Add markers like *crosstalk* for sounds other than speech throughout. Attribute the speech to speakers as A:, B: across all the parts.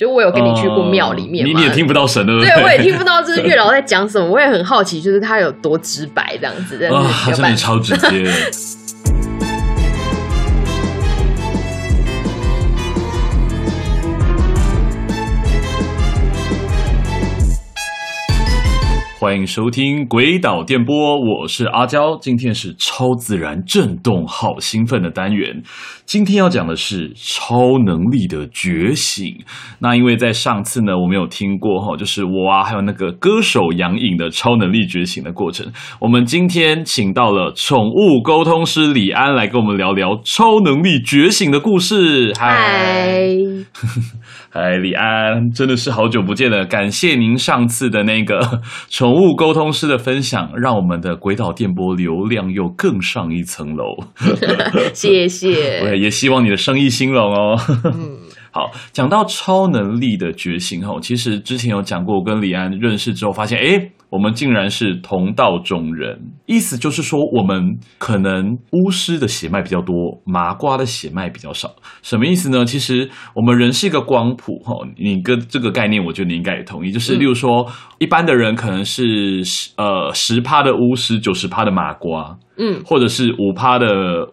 A: 就我有跟你去過廟裡面、uh, 嗎，你也聽不到神的，對，我也聽不到就是月老在講什麼。 *laughs* 我也很好奇，就是他有多直白這樣子，真的、uh,，真的超直接。 *laughs*
B: 歡迎收聽《詭島電波》，我是阿交。今天是超自然震動，好興奮的單元。今天要講的是超能力的覺醒。那因為在上次呢，我們有聽過哈，就是我啊，還有那個歌手楊穎的超能力覺醒的過程。我們今天請到了寵物溝通師李安來跟我們聊聊超能力覺醒的故事。嗨，嗨，李安，真的是好久不見了，感謝您上次的那個寵。寵物溝通師的分享，讓我們的詭島電波流量又更上一層樓。
A: *laughs* *laughs* 謝謝，
B: *laughs* 也希望你的生意興隆哦。 *laughs* 嗯、好，講到超能力的覺醒哦，其實之前有講過，我跟李安認識之後，發現哎，誒我們竟然是同道中人，意思就是說，我們可能巫師的血脈比較多，麻瓜的血脈比較少。什麼意思呢？其實我們人是一個光譜，哈，你跟這個概念，我覺得你應該也同意。就是，例如說，一般的人可能是呃十趴的巫師，九十趴的麻瓜。嗯，或者是五趴的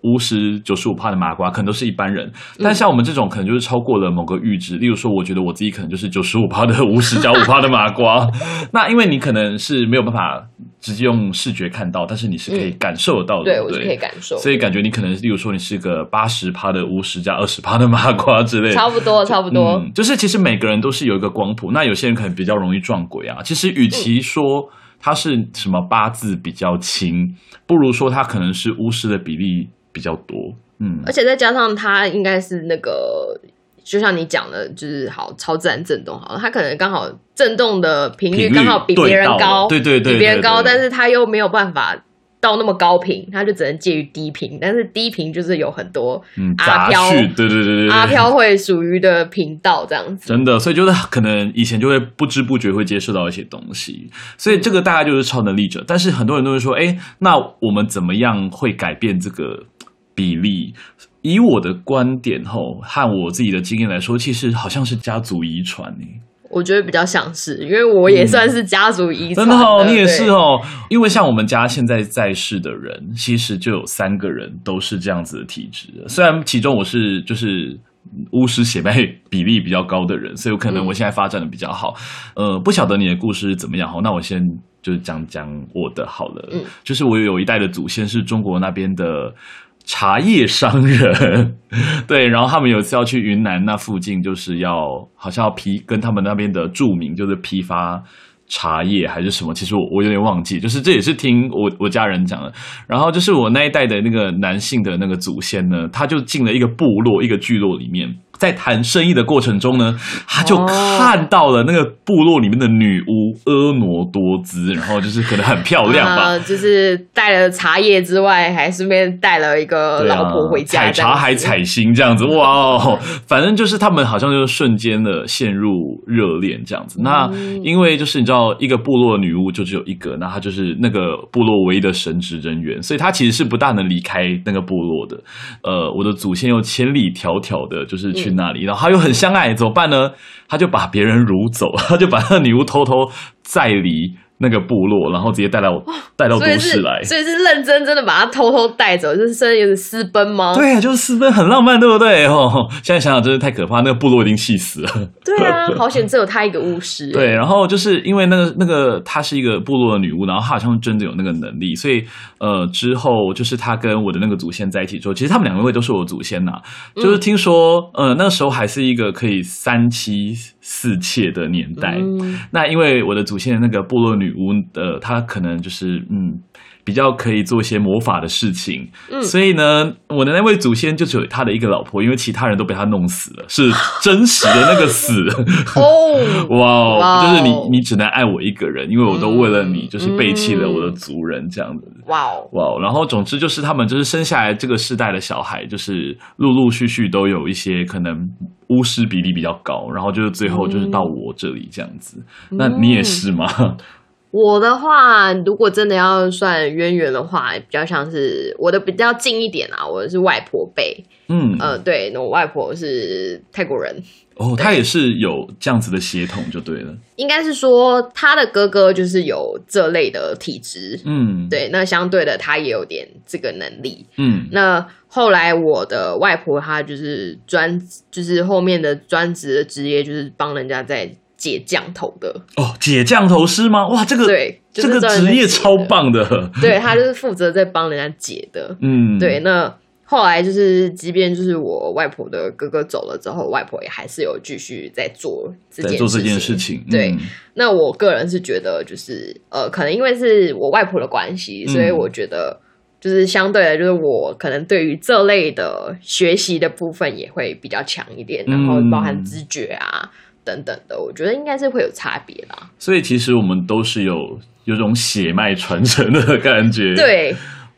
B: 巫師、九十五趴的麻瓜，可能都是一般人。但像我們這種，可能就是超過了某個閾值。嗯、例如說，我覺得我自己可能就是九十五趴的巫師加五趴的麻瓜。 *laughs* 那因為你可能是沒有辦法直接用視覺看到，但是你是可以感受到的，嗯、對，對，對，我是可以感受。所以感覺你可能，例如說，你是個八十趴的巫師加二十趴的麻瓜之類的，差不
A: 多，差不多就、嗯。
B: 就是其實每個人都是有一個光譜。那有些人可能比較容易撞鬼啊。其實與其說，嗯他是什麼八字比較輕，不如說他可能是巫師的比例比較多，
A: 嗯，而且再加上他應該是那個，就像你講的，就是好超自然震動，好了，他可能剛好震動的頻率剛好比別人高對，對對對,對，比別人高，對對對對，但是他又沒有辦法。到那麼高頻，他就只能介於低頻，但是低頻就是有很多
B: 阿飄、嗯，對對對對，阿飄
A: 會屬於的頻道這樣子，
B: 真的，所以就是可能以前就會不知不覺會接受到一些東西，所以這個大概就是超能力者，嗯、但是很多人都會說，哎、欸，那我們怎麼樣會改變這個比例？以我的觀點吼和我自己的經驗來說，其實好像是家族遺傳
A: 我覺得比較像是，因為我也算是家族遺傳的、嗯、真的哦，對你也是哦。
B: 因為像我們家現在在世的人，其實就有三個人都是這樣子的體質。雖然其中我是就是巫師血脈比例比較高的人，所以我可能我現在發展得比較好。嗯、呃，不曉得你的故事怎麼樣？好，那我先就講講我的好了。嗯、就是我有一代的祖先是中國那邊的。茶葉商人，對，然後他們有一次要去雲南那附近，就是要好像要批跟他們那邊的著名就是批發，茶葉還是什麼？其實我我有點忘記，就是這也是聽我我家人講的。然後就是我那一代的那個男性的那個祖先呢，他就進了一個部落一個聚落裡面，在談生意的過程中呢，他就看到了那個部落裡面的女巫、哦，婀娜多姿，然後就是可能很漂亮吧、嗯
A: 呃，就是帶了茶葉之外，還順便帶了一個老婆回家，啊、採茶還
B: 採星這樣子，嗯、哇，哦，反正就是他們好像就瞬間的陷入熱戀這樣子。嗯、那因為就是你知道。哦，一個部落的女巫就只有一個，那她就是那個部落唯一的神職人員，所以她其實是不大能離開那個部落的。呃，我的祖先又千里迢迢的，就是去那裡，嗯、然後他又很相愛，怎麼辦呢？他就把別人擄走，他就把那個女巫偷偷載離那個部落，然後直接帶到帶到都市來，所，所以
A: 是認真真的把他偷偷帶走，就是甚至有點私奔嗎？對啊，
B: 就是私奔很浪漫，對不對？哦，現在想想真是太可怕，那個部落一定氣死了。
A: 對啊，好險，只有他一個巫師。 *laughs* 對，
B: 然後就是因為那個那個她是一個部落的女巫，然後她好像真的有那個能力，所以呃之後就是她跟我的那個祖先在一起之後，其實他們兩個位都是我的祖先吶、啊。就是聽說、嗯、呃那時候還是一個可以三妻。四妾的年代，嗯、那因為我的祖先那個部落女巫，呃，她可能就是，嗯。比較可以做一些魔法的事情，嗯、所以呢，我的那位祖先就只有他的一個老婆，因為其他人都被他弄死了，是真實的那個死。哇 *laughs* 哦，哇，哇，就是你，你只能愛我一個人，因為我都為了你，就是背棄了我的族人，嗯、這樣子。哇哦，哇哦，然後總之就是他們就是生下來這個世代的小孩，就是陸陸續續都有一些可能巫師比例比較高，然後就是最後就是到我這裡這樣子。嗯、那你也是嗎？嗯
A: 我的話，如果真的要算淵源的話，比較像是我的比較近一點啊，我是外婆輩。嗯呃，對，那我外婆是泰國人。
B: 哦，對他也是有這樣子的血統就對了。
A: 應該是說他的哥哥就是有這類的體質。嗯，對，那相對的他也有點這個能力。嗯，那後來我的外婆她就是專，就是後面的專職的職業就是幫人家在。解降頭的
B: 哦，解降頭師嗎？哇，這個
A: 對、就是，這個職業
B: 超棒的。
A: 對，他就是負責在幫人家解的，嗯，對。那後來就是，即便就是我外婆的哥哥走了之後，外婆也還是有繼續在做在做這件事情。
B: 事情對。嗯、
A: 那我個人是覺得，就是呃，可能因為是我外婆的關係，所以我覺得就是相對來就是我可能對於這類的學習的部分也會比較強一點，然後包含知覺啊。嗯等等的，我覺得應該是會有差別啦。
B: 所以其實我們都是有有種血脈傳承的感覺。 *laughs* 對，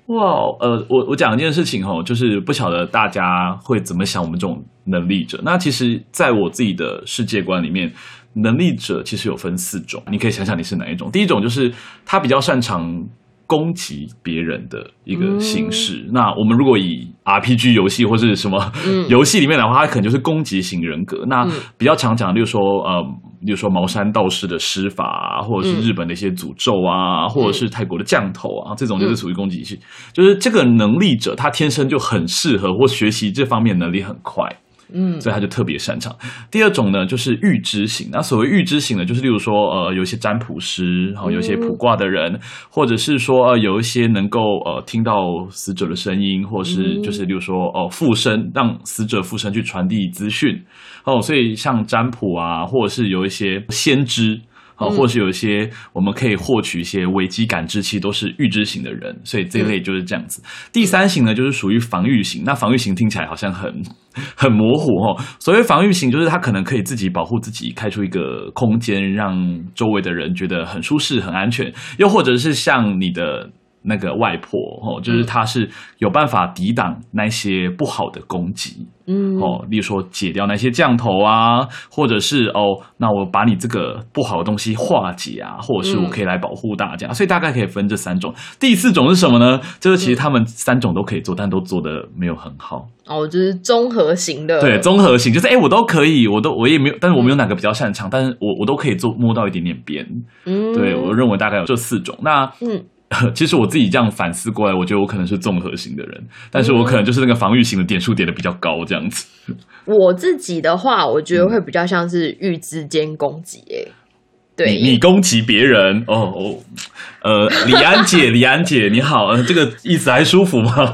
B: 哇，wow, 呃，我我講一件事情哦，就是不曉得大家會怎麼想我們這種能力者。那其實在我自己的世界觀裡面，能力者其實有分四種，你可以想想你是哪一種。第一種就是他比較擅長。攻擊別人的一個形式。嗯、那我們如果以 RPG 遊戲或是什麼遊戲裡面的話，嗯、它可能就是攻擊型人格。嗯、那比較常講，就是說呃，比如說茅山道士的施法啊，或者是日本的一些詛咒啊，嗯、或者是泰國的降頭啊，嗯、這種就是屬於攻擊性。嗯、就是這個能力者，他天生就很適合，或學習這方面能力很快。嗯，所以他就特別擅長。第二種呢，就是預知型。那所謂預知型呢，就是例如說，呃，有一些占卜師，然後、哦、有一些卜卦的人，或者是說，呃、有一些能夠呃聽到死者的聲音，或者是就是例如說哦、呃、附身，讓死者附身去傳遞資訊。哦，所以像占卜啊，或者是有一些先知。好，或是有些我們可以獲取一些危機感知器，都是預知型的人，所以這一類就是這樣子。第三型呢，就是屬於防禦型。那防禦型聽起來好像很很模糊齁。所謂防禦型，就是他可能可以自己保護自己，開出一個空間，讓周圍的人覺得很舒適、很安全，又或者是像你的。那個外婆哦，就是他是有辦法抵擋那些不好的攻擊，嗯哦，例如說解掉那些降頭啊，或者是哦，那我把你這個不好的東西化解啊，或者是我可以來保護大家，嗯、所以大概可以分這三種。第四種是什麼呢？嗯、就是其實他們三種都可以做，但都做得沒有很好
A: 哦，就是綜合型的，對，
B: 綜合型就是誒、欸、我都可以，我都我也沒有，但是我沒有哪個比較擅長，嗯、但是我我都可以做，摸到一點點邊，嗯，對，我認為大概有這四種，那嗯。其實我自己這樣反思過來，我覺得我可能是綜合型的人，但是我可能就是那個防禦型的點數點的比較高這樣子，嗯。
A: 我自己的話，我覺得會比較像是預知兼攻擊哎、欸，
B: 對你，你攻擊別人哦，哦，呃，李安姐， *laughs* 李安姐你好，這個意思還舒服嗎？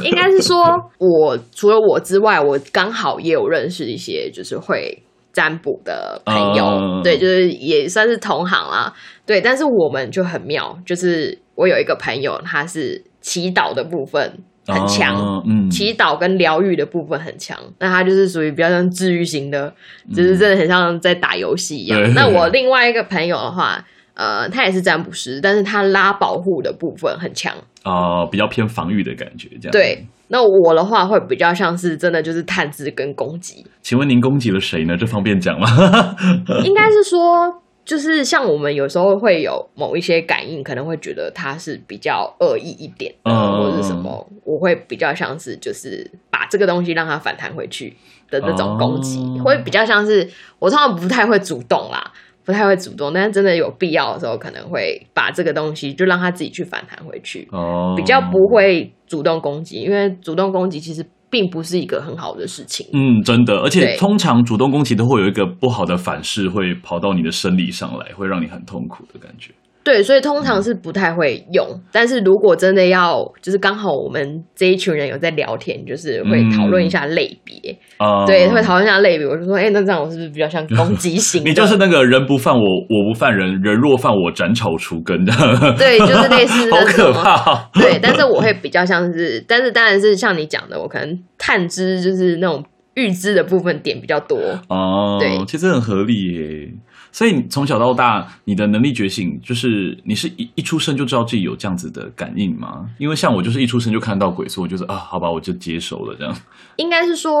A: *laughs* 應該是說，我除了我之外，我剛好也有認識一些就是會占卜的朋友，啊、對，就是也算是同行啦，對，但是我們就很妙，就是。我有一個朋友，他是祈禱的部分很強，哦、嗯，祈禱跟療癒的部分很強。那他就是屬於比較像治癒型的，嗯、就是真的很像在打遊戲一樣。那我另外一個朋友的話，呃，他也是占卜師，但是他拉保護的部分很強，
B: 哦、呃、比較偏防禦的感覺。這樣對。
A: 那我的話會比較像是真的就是探知跟攻擊。
B: 請問您攻擊了誰呢？這方便講嗎？
A: *laughs* 應該是說。就是像我們有時候會有某一些感應，可能會覺得他是比較惡意一點，嗯，或者什麼。我會比較像是就是把這個東西讓他反彈回去的那種攻擊，會比較像是我通常不太會主動啦，不太會主動，但是真的有必要的時候，可能會把這個東西就讓他自己去反彈回去。
B: 哦，比較不
A: 會主動攻擊，因為主動攻擊其實。並不是一個很好的事情。
B: 嗯，真的，而且通常主動攻擊都會有一個不好的反噬，會跑到你的生理上來，會讓你很痛苦的感
A: 覺。對，所以通常是不太會用，但是如果真的要，就是剛好我們這一群人有在聊天，就是會討論一下類別，嗯、對，會討論一下類別。嗯、我就說，哎、欸，那這樣我是不是比較像攻擊
B: 型？你就是那個人不犯我，我不犯人，人若犯我，斬草除根的。 *laughs* 對，就是類似的。好可怕、啊。對，
A: 但是我會比較像是，但是當然是像你講的，我可能探知就是那種預知的部分點比較多。
B: 哦、嗯，對，其實很合理耶、欸。所以從小到大，你的能力覺醒就是你是一一出生就知道自己有這樣子的感應嗎？因為像我就是一出生就看到鬼，所以我就是啊，好吧，我就接受了這樣。
A: 應該是說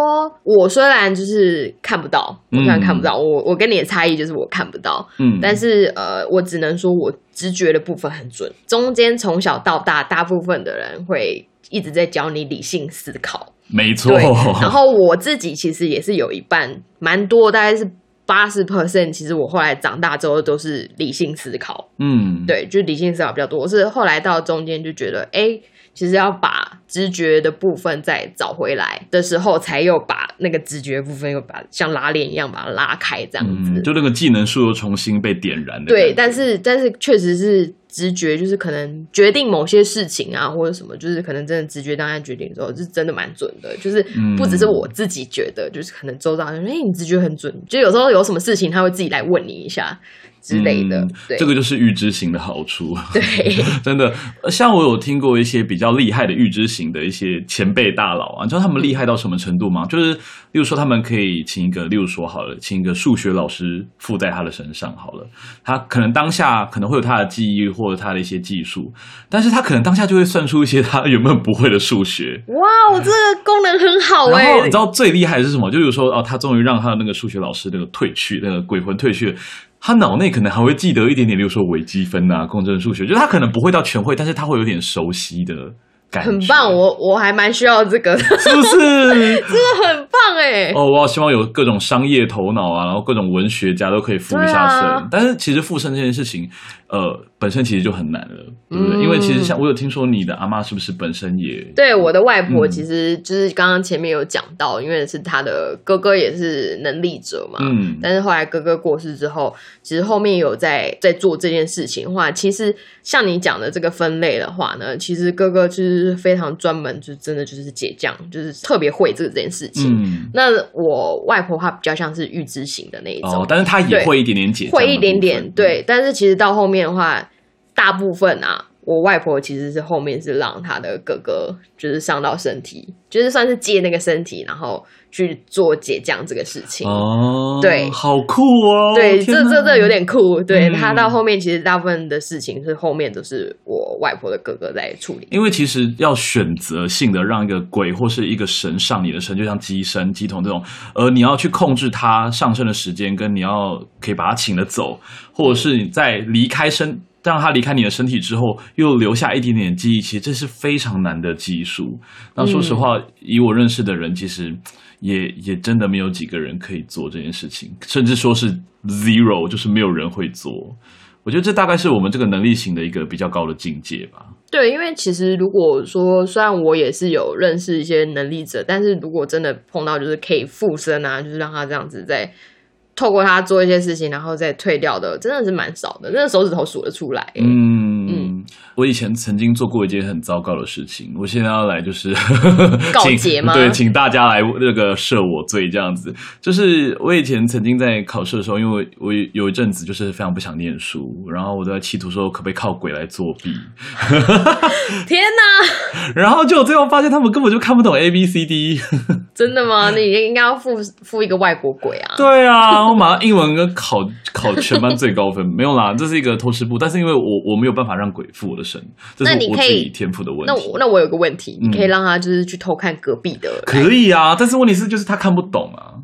A: 我雖然就是看不到，我雖然看不到，嗯，我我跟你的差異就是我看不到，嗯，但是呃，我只能說我直覺的部分很準。中間，從小到大，大部分的人會一直在教你理性思考，
B: 沒錯。然後
A: 我自己其實也是有一半，蠻多大概是。八十 percent，其實我後來長大之後都是理性思考，
B: 嗯，對，
A: 就理性思考比較多。我是後來到中間就覺得，哎、欸，其實要把直覺的部分再找回來的時候，才又把那個直覺部分又把像拉鏈一樣把它拉開，這樣子、嗯，
B: 就那個技能樹又重新被點燃，對，
A: 但是但是確實是。直覺就是可能決定某些事情啊，或者什麼，就是可能真的直覺當下決定之後，是真的蠻準的。就是不只是我自己覺得，嗯、就是可能周遭的人，哎、欸，你直覺很準，就有時候有什麼事情，他會自己來問你一下。之類的，嗯、對這個
B: 就是預知型的好處。對， *laughs* 真的，像我有聽過一些比較厲害的預知型的一些前輩大佬啊，你知道他們厲害到什麼程度嗎？嗯、就是，例如說，他們可以請一個，例如說好了，請一個數學老師附在他的身上好了，他可能當下可能會有他的記憶或者他的一些技術，但是他可能當下就會算出一些他原本不會的數學。
A: 哇，我唉這個功能很好誒、欸、然後你知
B: 道最厲害的是什麼？就是說，哦，他終於讓他的那個數學老師那個退去，那個鬼魂退去。他腦內可能還會記得一點點，比如說微積分吶、啊、共振數學，就他可能不會到全會，但是他會有點熟悉的感覺。很
A: 棒，我我還蠻需要這個的，是不是？ *laughs* 真的很棒哎、欸！
B: 哦，我好希望有各種商業頭腦啊，然後各種文學家都可以附一下身。啊、但是其實附身這件事情，呃。本身其實就很難了，對
A: 不對？嗯、因為其實像我
B: 有聽說你的阿嬤是不是本身也
A: 對我的外婆，其實就是剛剛前面有講到，嗯、因為是他的哥哥也是能力者嘛。嗯，但是後來哥哥過世之後，其實後面有在在做這件事情的話，其實像你講的這個分類的話呢，其實哥哥就是非常專門，就真的就是解降，就是特別會這個這件事情。嗯，那我外婆的話比較像是預知型的那一種，哦，但是他也會一點點解，會一點點，對。但是其實到後面的話。嗯大部分啊，我外婆其實是後面是讓他的哥哥，就是上到身體，就是算是借那個身體，然後去做解降這個事情。哦，
B: 對，好酷哦，
A: 對，哪這這這有點酷。對，嗯、他到後面其實大部分的事情是後面都是我外婆的哥哥在處理。
B: 因為其實要選擇性的讓一個鬼或是一個神上你的身，就像乩身、乩童這種，而你要去控制他上身的時間，跟你要可以把他請了走，或者是你在離開身。嗯讓他離開你的身體之後，又留下一點點記憶，其實這是非常難的技術。那說實話，嗯，以我認識的人，其實也也真的沒有幾個人可以做這件事情，甚至說是 zero，就是沒有人會做。我覺得這大概是我們這個能力型的一個比較高的境界吧。
A: 對，因為其實如果說，雖然我也是有認識一些能力者，但是如果真的碰到就是可以附身啊，就是讓他這樣子在。透過他做一些事情，然後再退掉的，真的是蠻少的，真的手指頭數得出來。
B: 嗯嗯，嗯，我以前曾經做過一件很糟糕的事情，我現在要來就是告解嗎？ *laughs* 對，請大家來那個赦我罪這樣子。就是我以前曾經在考試的時候，因為我，我有一陣子就是非常不想念書，然後我都在企圖說，可不可以靠鬼來作弊？
A: *laughs* 天哪！
B: 然後就最後發現他們根本就看不懂 A B C D。
A: *laughs* 真的嗎？你應該要附附一個外國鬼啊？
B: 對啊。我馬上英文跟考考全班最高分 *laughs* 沒有啦，這是一個偷師步，但是因為我我沒有辦法讓鬼附我的身，這是我自己天賦的問題。那,那我
A: 那我有個問題，嗯、你可以讓他就是去偷看隔壁的。
B: 可以啊，但是問題是就是他看不懂啊。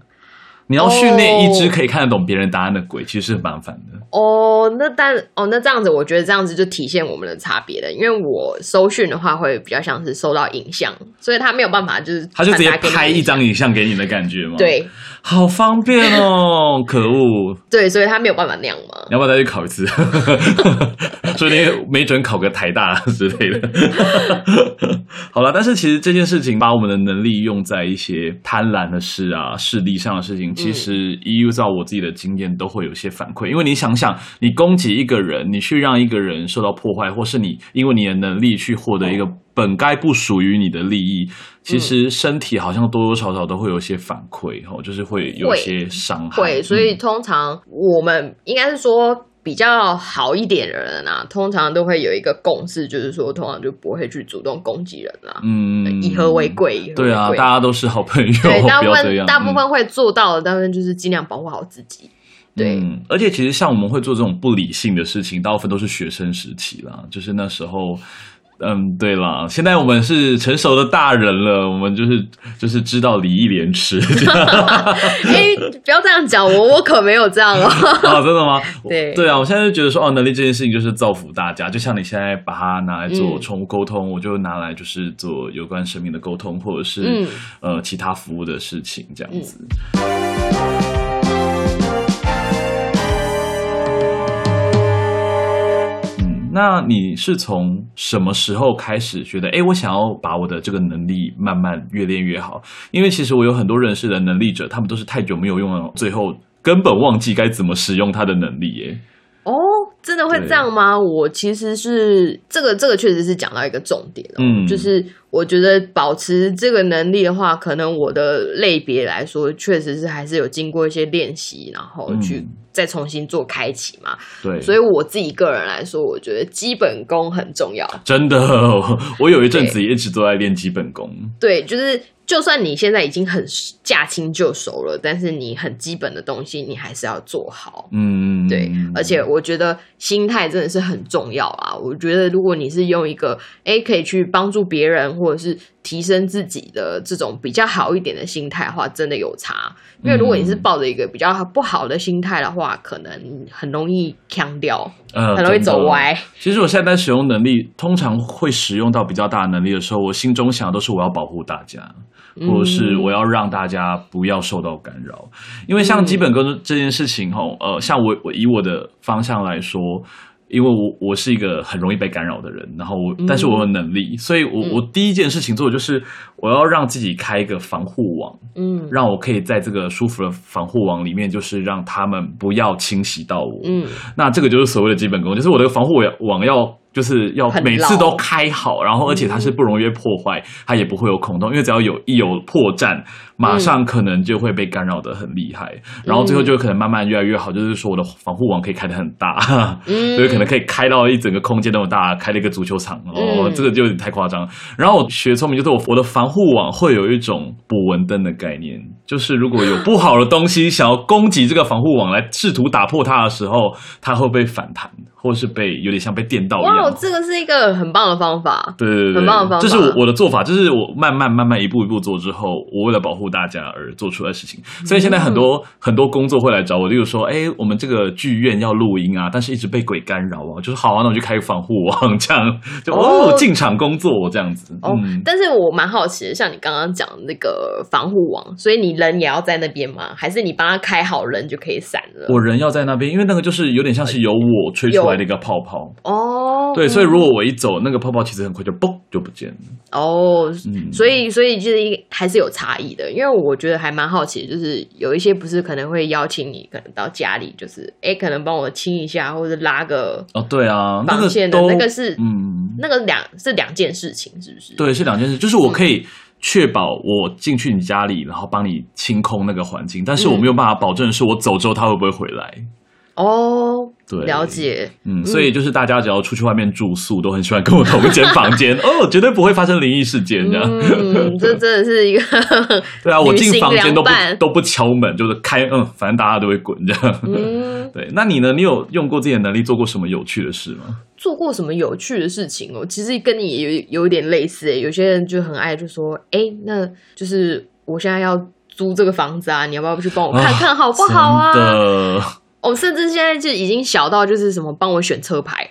B: 你要訓練一只可以看得懂別人答案的鬼，oh, 其實是很麻煩的。哦
A: ，oh, 那但哦，oh, 那這樣子我覺得這樣子就體現我們的差別的，因為我搜訓的話會比較像是搜到影像，所以他沒有辦法就是他就直接
B: 拍一張影像給你的感覺嗎？ *laughs* 對。好方便哦， *laughs* 可惡！
A: 對，所以他沒有辦法那樣嘛。
B: 你要不要再去考一次？ *laughs* 所以你沒準考個台大之、啊、類的。 *laughs* 好了，但是其實這件事情把我們的能力用在一些貪婪的事啊、勢力上的事情，其實依照我自己的經驗，都會有些反饋。嗯、因為你想想，你攻擊一個人，你去讓一個人受到破壞，或是你因為你的能力去獲得一個本該不屬於你的利益。哦其實身體好像多多少少都會有一些反饋，嗯、就是會有一些傷
A: 害。會嗯、所以通常我們應該是說比較好一點的人啊，通常都會有一個共識，就是說通常就不會去主動攻擊人啦、啊。嗯，以，以和為貴。對啊，大
B: 家都是好朋友，對，大部分不要這樣，大部分
A: 會做到的，嗯、大部分就是盡量保護好自己。對、
B: 嗯，而且其實像我們會做這種不理性的事情，大部分都是學生時期啦，就是那時候。嗯，對了，現在我們是成熟的大人了，嗯、我們就是就是知道禮義廉恥。哎、 *laughs*
A: 欸，不要這樣講，我我可沒有這樣、哦、 *laughs* 啊！真的嗎？對
B: 對啊，我現在就覺得說，哦，能力這件事情就是造福大家，就像你現在把它拿來做寵物溝通，嗯、我就拿來就是做有關生命的溝通，或者是、嗯、呃其他服務的事情這樣子。嗯那你是從什麼時候開始覺得，哎，我想要把我的這個能力慢慢越練越好？因為其實我有很多認識的能力者，他們都是太久沒有用了，最後根本忘記該怎麼使用他的能力，誒
A: 哦，真的會這樣嗎？對我其實是這個，這個確實是講到一個重點哦，嗯，就是我覺得保持這個能力的話，可能我的類別來說，確實是還是有經過一些練習，然後去再重新做開啟嘛。嗯，對，所以我自己個人來說，我覺得基本功很重要。
B: 真的哦，我有一陣子也一直都在練基本功。對，
A: 對，就是就算你現在已經很。駕輕就熟了，但是你很基本的東西，你還是要做好。嗯，對。而且我覺得心態真的是很重要啊。我覺得如果你是用一個哎、欸、可以去幫助別人或者是提升自己的這種比較好一點的心態的話，真的有差。因為如果你是抱着一個比較不好的心態的話，嗯、可能很容易強調，嗯、呃，很容易走歪。
B: 其實我現在使用能力，通常會使用到比較大的能力的時候，我心中想的都是我要保護大家。
A: 或者是我
B: 要讓大家不要受到干擾，嗯、因為像基本功這件事情吼，嗯、呃，像我我以我的方向來說，因為我我是一個很容易被干擾的人，然後我、嗯、但是我有能力，所以我我第一件事情做的就是我要讓自己開一個防護網，嗯，讓我可以在這個舒服的防護網裡面，就是讓他們不要侵襲到我，嗯，那這個就是所謂的基本功，就是我的防護網網要。就是要每次都開好，老然後，而且它是不容易被破壞，嗯、它也不會有孔洞，因為只要有一有破綻，馬上可能就會被干擾得很厲害，嗯、然後最後就可能慢慢越來越好，就是說我的防護網可以開得很大，哈、嗯， *laughs* 所以可能可以開到一整個空間那麼大，開了一個足球場哦，嗯、這個就有點太誇張。然後我學聰明，就是我我的防護網會有一種捕蚊燈的概念，就是如果有不好的東西、嗯、想要攻擊這個防護網來試圖打破它的時候，它會被反彈或是被有點像被電到一樣。哇、哦，
A: 這個是一個很棒的方法，對，對，對，對，
B: 很棒的方法。這是我的做法，就是我慢慢慢慢一步一步做之後，我為了保護大家而做出來的事情。所以現在很多、嗯、很多工作會來找我，例如說，哎、欸，我們這個劇院要錄音啊，但是一直被鬼干擾啊，就是好啊，那我就開個防護網，這樣就哦進場工作這樣子。哦，嗯、但
A: 是我蠻好奇的，像你剛剛講那個防護網，所以你人也要在那邊嗎？還是你幫他開好人就可以散了？我
B: 人要在那邊，因為那個就是有點像是由我吹出來的、啊。那個泡泡
A: 哦，對，所以如果
B: 我一走，那個泡泡其實很快就嘣就不見
A: 了哦。嗯，所，所以所以就是一還是有差異的，因為我覺得還蠻好奇，就是有一些不是可能會邀請你，可能到家裡就是哎、欸，可能幫我清一下，或者拉個哦，
B: 對啊，那個那個
A: 是嗯，那個兩是兩件事情，是不是？對，
B: 是兩件事，就是我可以確保我進去你家裡，然後幫你清空那個環境，但是我沒有辦法保證是我走之後他會不會回來。
A: 哦，了解，嗯，所以
B: 就是大家只要出去外面住宿，都很喜歡跟我同一間房間哦，絕對不會發生靈異事件的。
A: 這真的是一個對啊，我進房間都不都不
B: 敲門，就是開，嗯，反正大家都會滾這樣。對，那你呢？你有用過自己的能力做過什麼有趣的事嗎？
A: 做過什麼有趣的事情哦？其實跟你有有一點類似誒，有些人就很愛就說，誒，那就是我現在要租這個房子啊，你要不要去幫我看看好不好啊？我、哦、甚至現在就已經小到就是什麼幫我選車牌，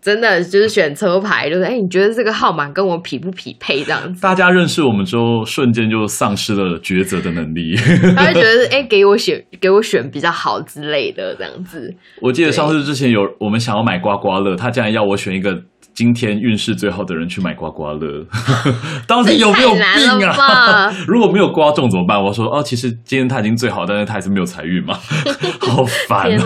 A: 真的就是選車牌，就是哎，你覺得這個號碼跟我匹不匹配？這樣子，
B: 大家認識我們之後，瞬間就喪失了抉擇的能力。 *laughs* 他
A: 會覺得哎，給我選，給我選比較好之類的，這樣子。
B: 我記得上次之前有，對我們想要買刮刮樂，他竟然要我選一個。今天運勢最好的人去買刮刮樂， *laughs* 到底有沒有病啊？如果沒有刮中怎麼辦？我說，哦，其實今天他已經最好，但是他還是沒有財運嘛， *laughs* 好
A: 煩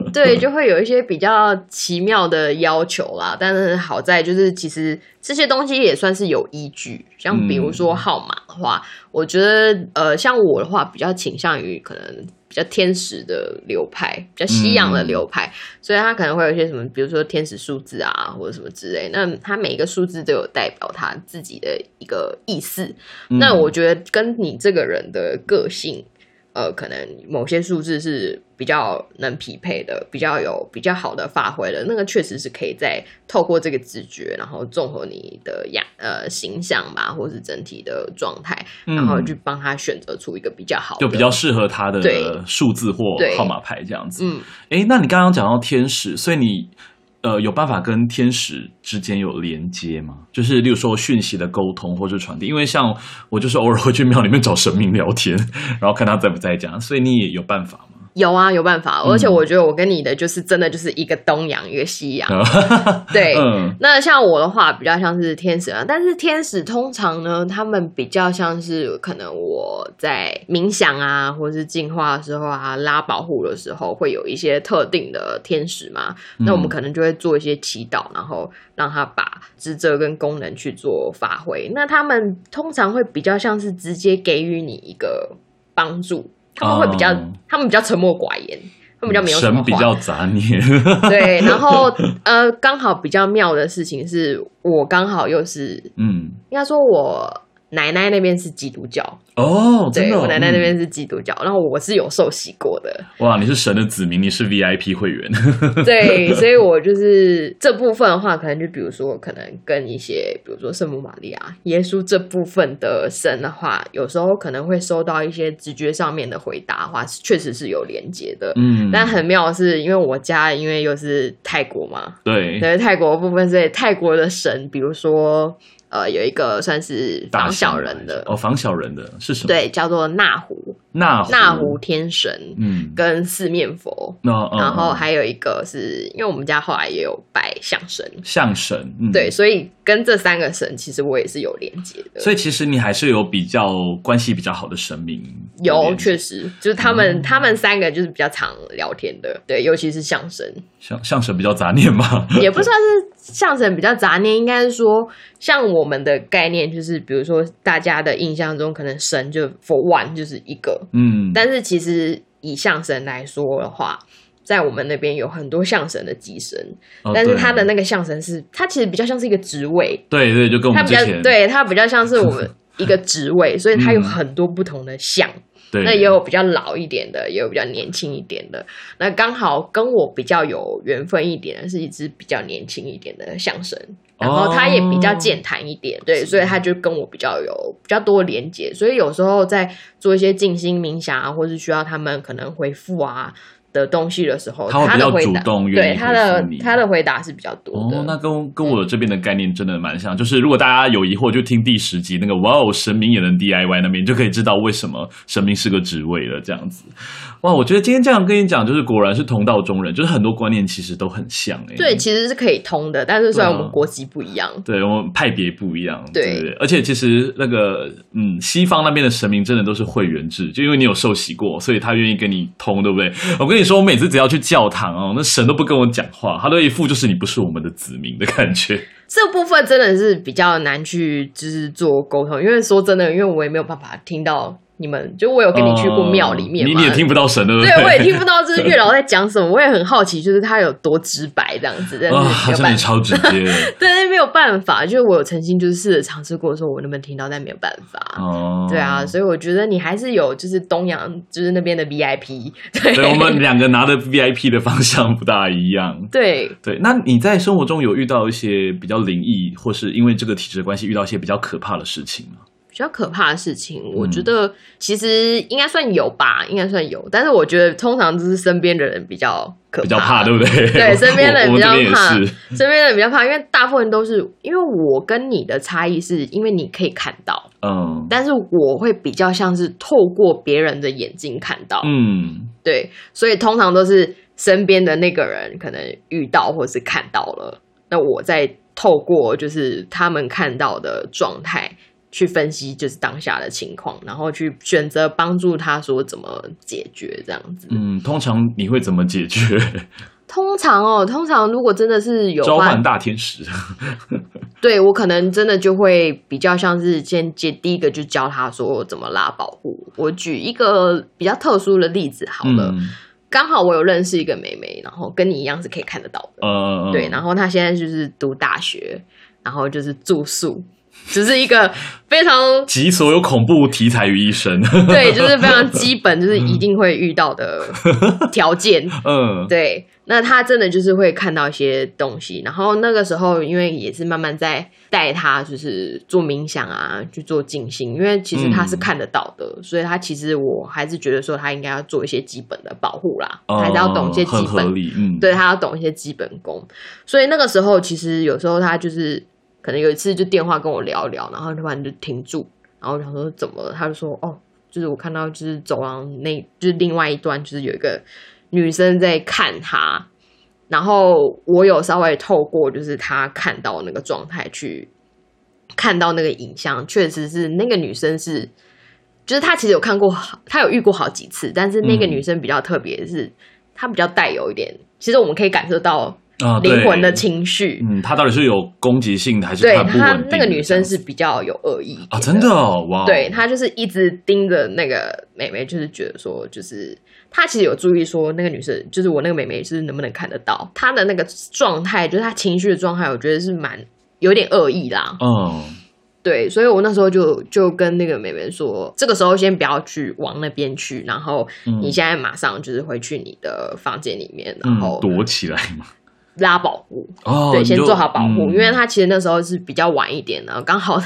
A: 哦。對，就會有一些比較奇妙的要求啦。但是好在就是，其實這些東西也算是有依據。像比如說號碼的話，嗯、我覺得呃，像我的話比較傾向於可能比較天使的流派，比較西洋的流派，嗯、所以它可能會有一些什麼，比如說天使數字啊，或者什麼之類。那它每一個數字都有代表它自己的一個意思。那我覺得跟你這個人的個性。呃，可能某些數字是比較能匹配的，比較有比較好的發揮的，那個確實是可以在透過這個直覺，然後綜合你的樣呃形象吧，或是整體的狀態，然後去幫他選擇出一個比較好的，就比較
B: 適合他的數字或號碼牌這樣子。嗯，誒，那你剛剛講到天使，所以你。呃，有辦法跟天使之間有連接嗎？就是例如說訊息的溝通或是傳遞，因為像我就是偶爾會去廟裡面找神明聊天，然後看他在不在家，所以你也有辦法
A: 嗎？有啊，有辦法，而且我覺得我跟你的就是真的就是一個東洋、嗯、一個西洋，對。那像我的話，比較像是天使啊，但是天使通常呢，他們比較像是可能我在冥想啊，或是進化的時候啊，拉保護的時候，會有一些特定的天使嘛。嗯、那我們可能就會做一些祈禱，然後讓他把職責跟功能去做發揮。那他們通常會比較像是直接給予你一個幫助。他們會比較，嗯、他們比較沉默寡言，他們比較沒有什麼。神比較
B: 雜念。 *laughs*
A: 對，然後呃，剛好比較妙的事情是，我剛好又是，嗯，應該說我奶奶那邊是基督教。哦，對，我奶奶那邊是基督教，嗯，然後我是有受洗過的。
B: 哇，wow, 你是神的子民，你是 VIP 會員。
A: *laughs* 對，所以我就是這部分的話，可能就比如說，可能跟一些，比如說聖母瑪利亞、耶穌這部分的神的話，有時候可能會收到一些直覺上面的回答的話，話確實是有連接的。嗯，但很妙的是因為我家因為又是泰國嘛，對，對，泰國部分，所以泰國的神，比如說。呃，有一個算是防小人的，哦，
B: 防小人的是什麼？
A: 對，叫做納湖
B: 納納湖
A: 天神，嗯，跟四面佛，嗯、然後還有一個是因為我們家後來也有拜象神。象神、嗯、對，所以跟這三個神其實我也是有連接的。所
B: 以其實你還是有比較關係比較好的神明，
A: 有，有確實就是他們、嗯、他們三個就是比較常聊天的，對，尤其是象神。
B: 象，象神比較雜念嘛，也
A: 不算是。 *laughs* 象神比較雜念，應該是說，像我們的概念就是，比如說大家的印象中，可能神就 for one 就是一個，嗯，但是其實以象神來說的話，在我們那邊有很多象神的級神，哦、但是他的那個象神是，它對其實比較像是一個職位，對
B: 對，就跟我們之前他比較對
A: 它比較像是我們一個職位， *laughs* 所以它有很多不同的象。對那也有比較老一點的，也有比較年輕一點的。那剛好跟我比較有緣分一點的是一隻比較年輕一點的象神，哦、然後他也比較健談一點，對，的所以他就跟我比較有比較多的連接。所以有時候在做一些靜心冥想啊，或是需要他們可能回復啊。的東西的時候，他會比較主動，願意告訴你，他的回答是比較多哦，那跟我
B: 跟我這邊的概念真的蠻像。對，就是如果大家有疑惑，就聽第十集那個“哇哦，神明也能 DIY” 那邊，你就可以知道為什麼神明是個職位了。這樣子，哇，我覺得今天這樣跟你講，就是果然是同道中人。就是很多觀念其實都很像欸。
A: 對，其實是可以通的。但是雖然我們國籍不一樣，
B: 對啊。對，我們派別不一樣，對。對不對？而且其實那個嗯，西方那邊的神明真的都是會員制，就因為你有受洗過，所以他願意跟你通，對不對？我跟你說，我每次只要去教堂哦，那神都不跟我講話，他都一副就是你不是我們的子民的感覺。
A: 這部分真的是比較難去就是做溝通，因為說真的，因為我也沒有辦法聽到。你們就我有跟你去過廟裡面，哦，你也聽不到神對不對？對，我也聽不到這個月老在講什麼， *laughs* 我也很好奇，就是他有多直白這樣子，真的好像你超直接的，但那 *laughs* 沒有辦法，就是我有曾經就是試著嘗試過，說我能不能聽到，但沒有辦法。哦，對啊，所以我覺得你還是有就是東陽，就是那邊的 VIP。對，我們
B: 兩個拿的 VIP 的方向不大一樣。對對，那你在生活中有遇到一些比較靈異，或是因為這個體質關係遇到一些比較可怕的事情嗎？
A: 比較可怕的事情，嗯，我覺得其實應該算有吧，應該算有。但是我覺得通常都是身邊的人比較可怕，比較怕，
B: 對不對？對，身邊的人比較怕，邊身
A: 邊的人比較怕，因為大部分都是因為我跟你的差異，是因為你可以看到，嗯，但是我會比較像是透過別人的眼睛看到，嗯，對，所以通常都是身邊的那個人可能遇到或是看到了，那我在透過就是他們看到的狀態。去分析就是當下的情況，然後去選擇幫助他，說怎麼解決這樣
B: 子。嗯，通常你會怎
A: 麼解決？通常哦，通常如果真的是有召喚大天使， *laughs* 對，我可能真的就會比較像是先接第一個，就教他說怎麼拉保護。我舉一個比較特殊的例子好了，嗯，剛好我有認識一個妹妹，然後跟你一樣是可以看得到的。嗯對，然後她現在就是讀大學，然後就是住宿。只是一個非常
B: 集所有恐怖題材於一身， *laughs* 對，就是非常基
A: 本，就是一定會遇到的條件。 *laughs* 嗯，對。那他真的就是會看到一些東西，然後那個時候，因為也是慢慢在帶他，就是做冥想啊，去做靜心。因為其實他是看得到的，嗯、所以他其實我還是覺得說，他應該要做一些基本的保護啦，嗯、還是要懂一些基本，嗯、對，他要懂一些基本功。所以那個時候，其實有時候他就是。可能有一次就電話跟我聊聊，然後突然就停住，然後我想說怎麼了？他就說哦，就是我看到就是走廊那，就是另外一端就是有一個女生在看他，然後我有稍微透過就是他看到那個狀態去看到那個影像，確實是那個女生是，就是他其實有看過好，他有遇過好幾次，但是那個女生比較特別的是，她、嗯、比較帶有一點，其實我們可以感受到。啊，靈魂的
B: 情緒、哦，嗯，他到底是有攻擊性的還是對他那個女
A: 生是比較有惡意啊、哦？真的哇、哦！Wow、對，他就是一直盯着那個妹妹，就是覺得說，就是他其實有注意說，那個女生就是我那個妹妹是能不能看得到她的那個狀態，就是她情緒的狀態，我覺得是蠻有點惡意啦。嗯，對，所以我那時候就就跟那個妹妹說，這個時候先不要去往那邊去，然後你現在馬上就是回去你的房間裡面，嗯、然後、嗯、
B: 躲起來嘛。
A: 拉保護，oh, 對，就先做好保護，嗯、因為他其實那時候是比較晚一點的，剛好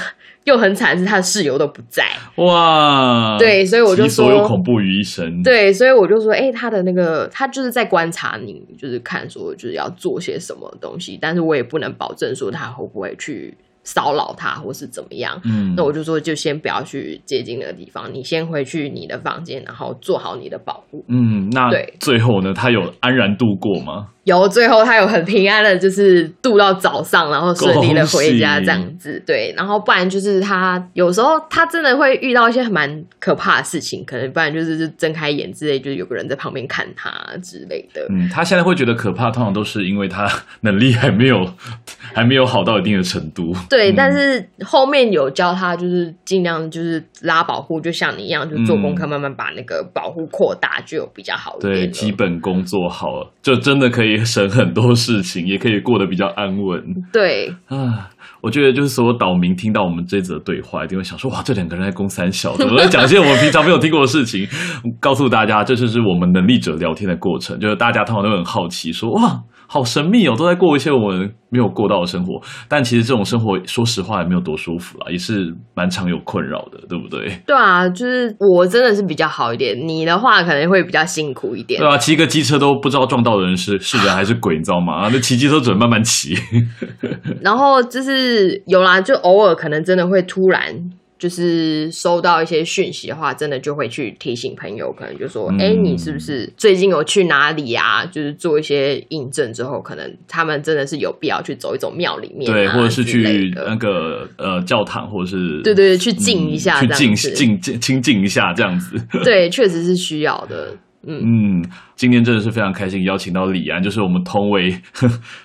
A: 又很慘，是他的室友都不在。哇，
B: 對，所以我就說，所有恐怖於一身。
A: 對，所以我就說，哎、欸，他的那個，他就是在觀察你，就是看說，就是要做些什麼東西，但是我也不能保證說他會不會去騷擾他，或是怎麼樣。嗯，那我就說，就先不要去接近那個地方，你先回去你的房間，然後做好你的保護。嗯，
B: 那對最後呢，他有安然度過嗎？嗯
A: 有，最後他有很平安的，就是度到早上，然後順利的回家這樣子。恭喜。對，然後不然就是他有時候他真的會遇到一些蠻可怕的事情，可能不然就是睜開眼之類，就是有個人在旁邊看他之類的。嗯，
B: 他現在會覺得可怕，通常都是因為他能力還沒有還沒有好到一定的程度。對，嗯、但是
A: 後面有教他，就是儘量就是拉保護，就像你一樣，就做功課，慢慢把那個保護擴大，就有比較好的。
B: 對，基本功做好了，就真的可以。也省很多事情，也可以過得比較安穩。對啊，我覺得就是所有島民聽到我們這次的對話，一定會想說：哇，這兩個人還公三小的。我來講一些我們平常沒有聽過的事情，告訴大家，這就是我們能力者聊天的過程。就是大家通常都很好奇說，說哇，好神秘哦，都在過一些我們沒有過到的生活。但其實這種生活，說實話也沒有多舒服啦，也是蠻常有困擾的，對不對？
A: 對啊，就是我真的是比較好一點，你的話可能會比較辛苦一點。對啊，
B: 騎個機車都不知道撞到的人是是人還是鬼， *laughs* 你知道嗎？那騎機車只能慢慢騎。
A: *laughs* 然後就是有啦，就偶爾可能真的會突然。就是收到一些訊息的話，真的就會去提醒朋友，可能就說：“哎、嗯欸，你是不是最近有去哪裡啊？”就是做一些印證之後，可能他們真的是有必要去走一走廟裡面、啊，對，或者
B: 是去那個呃教堂，或者是對
A: 對對去靜一下，去靜靜
B: 清靜一下這樣子。樣子 *laughs* 對，
A: 確實是需要的。
B: 嗯，今天真的是非常開心，邀請到李安，就是我們同為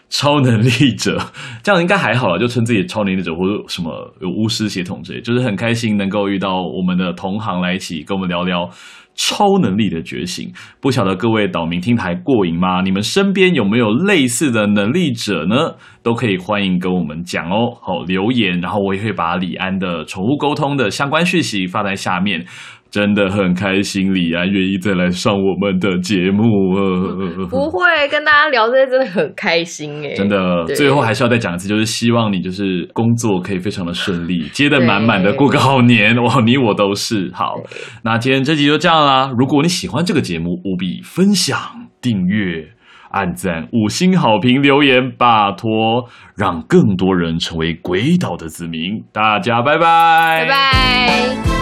B: 超能力者，這樣應該還好了，就稱自己超能力者或者什麼有巫師血統之類，就是很開心能夠遇到我們的同行來一起跟我們聊聊超能力的覺醒。不曉得各位島民聽得過癮嗎？你們身邊有沒有類似的能力者呢？都可以歡迎跟我們講哦，好，留言，然後我也會把李安的寵物溝通的相關訊息發在下面。真的很開心，李安願意再來上我們的節目、嗯。不
A: 會跟大家聊這些，真的很開心哎、欸！真的，對最後還
B: 是要再講一次，就是希望你就是工作可以非常的順利，接得滿滿的滿滿的，過個好年。哇對、哦，你我都是好。對那今天這集就這樣啦。如果你喜歡這個節目，務必分享、訂閱、按讚、五星好評、留言，拜託，讓更多人成為詭島的子民。大家拜拜，拜拜。